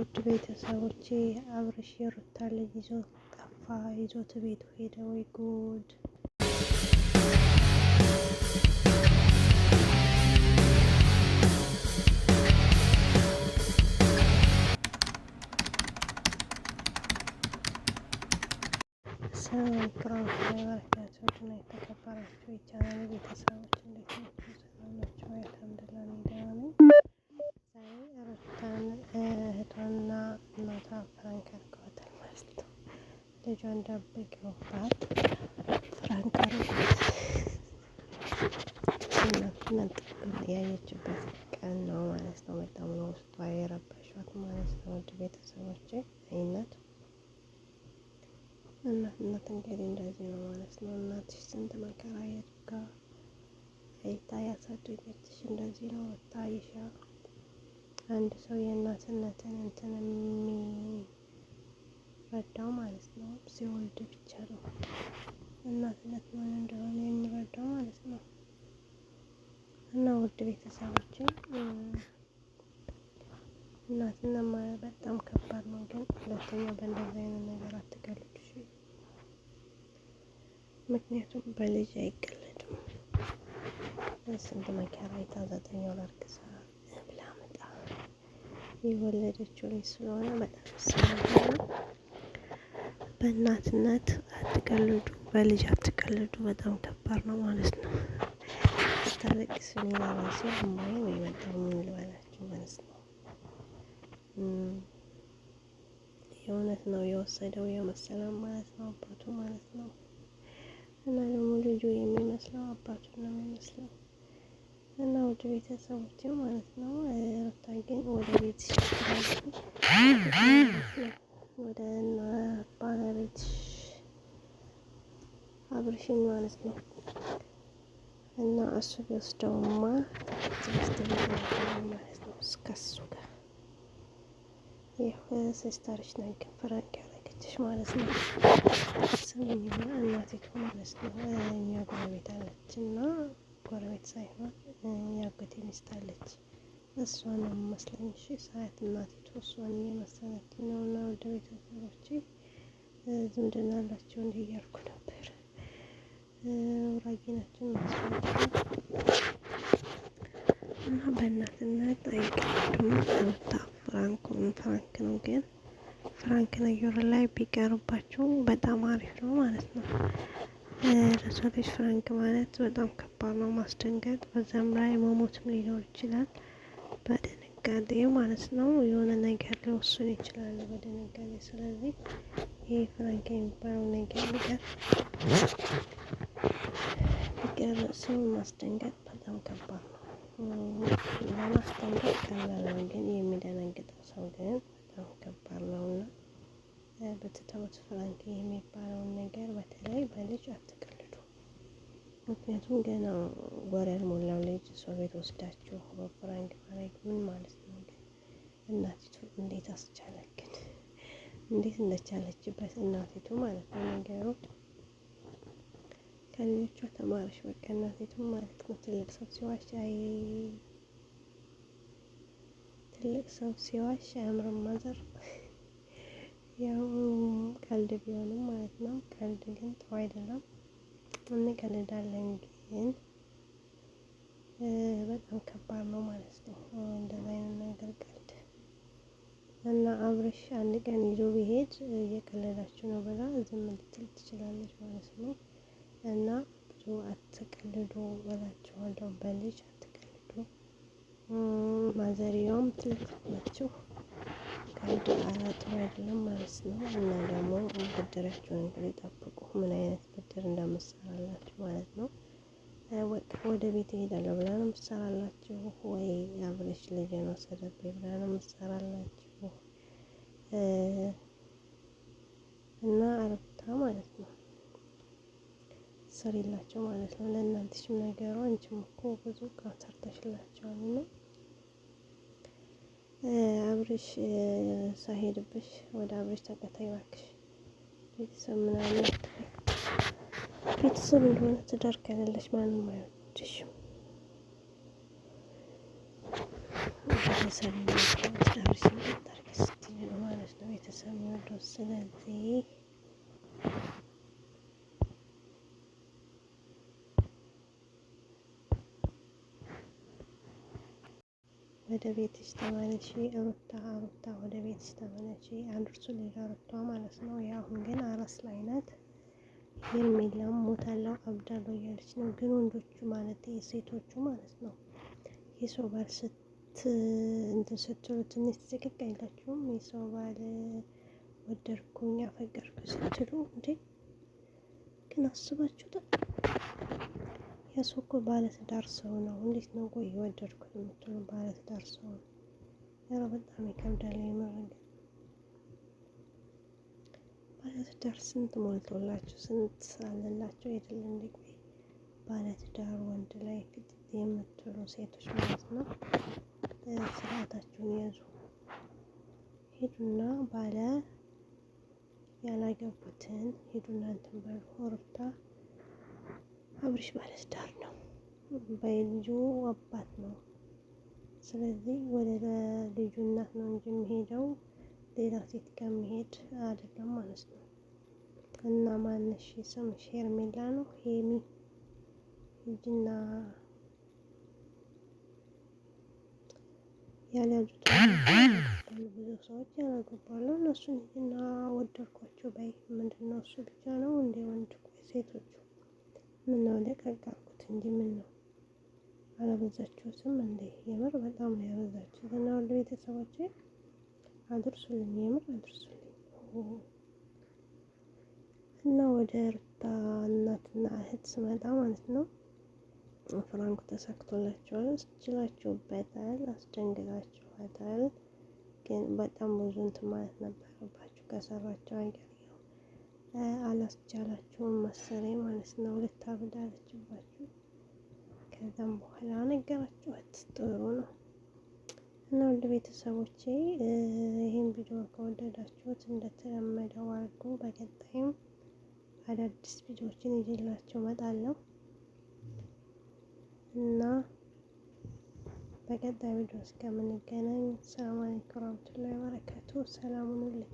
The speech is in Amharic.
ውድ ቤተሰቦቼ አብርሽ የሩታ ልጅ ይዞ ጠፋ፣ ይዞት ቤቱ ሄደ። ወይ ጉድ! ሰላም አለይኩም ወራህመቱላሂ ወበረካቱህ። የተከበራችሁ የቻናሌ ቤተሰቦች ልጇ እንዳበቀውባት ፍራንክ አረጓት። እናቱን ያየችበት ቀን ነው ማለት ነው። በጣም ነው ውስጧ የረበሿት ማለት ነው። ውድ ቤተሰቦች አይነት እናት እናት እንግዲህ እንደዚህ ነው ማለት ነው። እናትሽ ስንት መከራ የቱ አይታ ያሳደገችሽ እንደዚህ ነው ወጣ አንድ ሰው የእናትነትን እንትን የሚ የሚረዳው ማለት ነው። ሲወልድ ብቻ ነው እናትነት ምን እንደሆነ የሚረዳው ማለት ነው። እና ውድ ቤተሰቦች እናትና በጣም ከባድ ነው፣ ግን ሁለተኛ በእንደዚህ አይነት ነገር አትቀልዱ። ምክንያቱም በልጅ አይቀለድም። ስንት መከራ አይታ ዘጠኝ ወር አርግዛ ብላ መጣ የወለደችው ልጅ ስለሆነ በጣም ይሰማል። በእናትነት አትቀልዱ፣ በልጅ አትቀልዱ። በጣም ከባድ ነው ማለት ነው። ስታለቅስ እኔ ራሴ ማይ ወይ በጣም ልበላችሁ ማለት ነው። የእውነት ነው የወሰደው የመሰለ ማለት ነው አባቱ ማለት ነው። እና ደግሞ ልጁ የሚመስለው አባቱ ነው የሚመስለው እና ወደ ቤተሰቦችን ማለት ነው። ረታ ግን ወደ ቤት ማለት ነው። እና እሱ ቢወስደውማ ማለት ነው እስከሱ ጋር ይህ ሲስተርሽ ነው ግን ፍራንክ ያደረገችሽ ማለት ነው። ስምኝና እናቴቱ ማለት ነው እኛ ጎረቤት አለች እና ጎረቤት ሳይሆን ያጎቴ ሚስት አለች። እሷን ነው የሚመስለኝ ሳያት እናቴቱ እሷን እየመሰለች ነው። እና ወደ ቤተሰቦቼ ዝምድና አላቸው እንዲህ እያልኩ ነበር። ውራጌናችን ማስፈልጋል እና በእናትነት አይቀዱም። ሩታ ፍራንክ ፍራንክ ነው ግን ፍራንክ ነገር ላይ ቢቀርባቸው በጣም አሪፍ ነው ማለት ነው። ለሰው ልጅ ፍራንክ ማለት በጣም ከባድ ነው፣ ማስደንገጥ በዛም ላይ መሞትም ሊኖር ይችላል። በድንጋጤ ማለት ነው የሆነ ነገር ሊወስን ይችላል በድንጋጤ። ስለዚህ ይህ ፍራንክ የሚባለው ነገር ቢቀር ፍቅር ሰው ማስደንገጥ በጣም ከባድ ነው። ለማስደንገጥ ቀላል ነው፣ ግን የሚደነግጠው ሰው ግን በጣም ከባድ ነው እና በትተውት ፍራንክ የሚባለውን ነገር በተለይ በልጅ አትቀልዱ። ምክንያቱም ገና ወር ያልሞላው ልጅ ሰው ቤት ወስዳችሁ በፍራንክ ማድረግ ምን ማለት ነው? ግን እናቲቱ እንዴት አስቻለግን እንዴት እንደቻለችበት እናቲቱ ማለት ነው ነገሩ ሰልቹ ተማሪሽ በቃ እናቴቱም ማለት ነው። ትልቅ ሰው ሲዋሽ አይ ትልቅ ሰው ሲዋሽ አያምርም። ማዘር ያው ቀልድ ቢሆንም ማለት ነው። ቀልድ ግን ጥሩ አይደለም። እንቀልዳለን ግን በጣም ከባድ ነው ማለት ነው። እንደዛ አይነት ነገር ቀልድ እና አብረሽ አንድ ቀን ይዞ ቢሄድ እየቀለዳችሁ ነው ብላ ዝም ልትል ትችላለች ማለት ነው። እና ብዙ አትቀልዱ እላችኋለሁ። በልጅ አትቀልዱ። ማዘሪያውም ትልቅ ናችሁ፣ ከአንድ አራት አይደለም ማለት ነው። እና ደግሞ ብድራችሁን እንግዲህ ጠብቁ፣ ምን አይነት ብድር እንደምሰራላችሁ ማለት ነው። ወጣ ወደ ቤት እሄዳለሁ ብላ ነው የምትሰራላችሁ ወይ ልጅ ነው ወሰደብኝ ብላ ነው የምትሰራላችሁ እና አረብታ ማለት ነው። ሰሪላቸው ማለት ነው። ለእናንተሽም ነገሩ አንቺም እኮ ብዙ ቃል ሰርተሽላቸዋል እና አብርሽ ሳሄድብሽ ወደ አብርሽ ተከታይ እባክሽ ቤተሰብ ምናምን ቤተሰብ እንደሆነ ትዳር ከሌለሽ ማንም አይወድሽም። ቤተሰብ ማለት ነው። ቤተሰብ የሚወደው ስለዚህ ወደ ቤትሽ ተመለሺ ሩታ ሩታ ወደ ቤትሽ ተመለሺ አንድርሱ ሌላ ሩታ ማለት ነው። የአሁን ግን አራስ ላይ ናት። ሄርሜላም ሞታለው አብዳለው እያለች ነው። ግን ወንዶቹ ማለት የሴቶቹ ማለት ነው የሰው ባል እንትን ስትሉ ትንሽ ዝቅቅ አይላችሁም? የሰው ባል ወደድኩኝ ፈገርኩ ስትሉ እንዴ ግን አስባችሁታል? እሱ እኮ ባለትዳር ሰው ነው። እንዴት ነው ቆይ የወደድኩት የምትሉ ባለትዳር ሰው ነው። ኧረ በጣም ይከብዳል። የመረግ ባለትዳር ስንት ሞልቶላችሁ ስንት ሳለላችሁ አይደለም እንዴ? ቆይ ባለትዳር ወንድ ላይ ግድ የምትሉ ሴቶች ማለት ነው ስርዓታችሁን ያዙ። ሂዱና ባለ ያላገቡትን ሂዱና እንትን በሉ። ኦርታ አብርሽ ባለትዳር ነው፣ በልጁ አባት ነው። ስለዚህ ወደ ልጁ እናት ነው እንጂ የሚሄደው ሌላ ሴት ከመሄድ አይደለም ማለት ነው። እና ማነሽ ስምሽ ሄርሜላ ነው? ሄሚ ልጅና ያልያዙት ብዙ ሰዎች ያላገባሉ። እነሱን ልጅና ወደድኳቸው ባይ ምንድን ነው እሱ ብቻ ነው እንደ ወንድ ሴቶቹ ምነው ለቀቅ አልኩት እንጂ ምነው አላበዛችሁትም እንዴ? የምር በጣም ነው ያበዛችሁት። እና ወደ ቤተሰቦቼ አድርሱልኝ፣ የምር አድርሱልኝ። እና ወደ ሩታ እናትና እህት ስመጣ ማለት ነው ፍራንኩ ተሳክቶላችኋል፣ ችላችሁበታል፣ አስደንግላችኋታል። ግን በጣም ብዙ እንትን ማለት ነበረባችሁ ከሰራቸው አገር አላስቻላቸውም መሰለኝ ማለት ነው። ልታብድ አለችባችሁ። ከዛም በኋላ ነገራችኋት። ጥሩ ነው እና ውድ ቤተሰቦቼ ይህን ቪዲዮ ከወደዳችሁት እንደተለመደው አድርጉ። በቀጣይም አዳዲስ ቪዲዮዎችን ይዤላችሁ እመጣለሁ እና በቀጣይ ቪዲዮ እስከምንገናኝ ሰላም አለይኩም ወራህመቱላሂ ወበረካቱ። ሰላሙን ሁኑልኝ።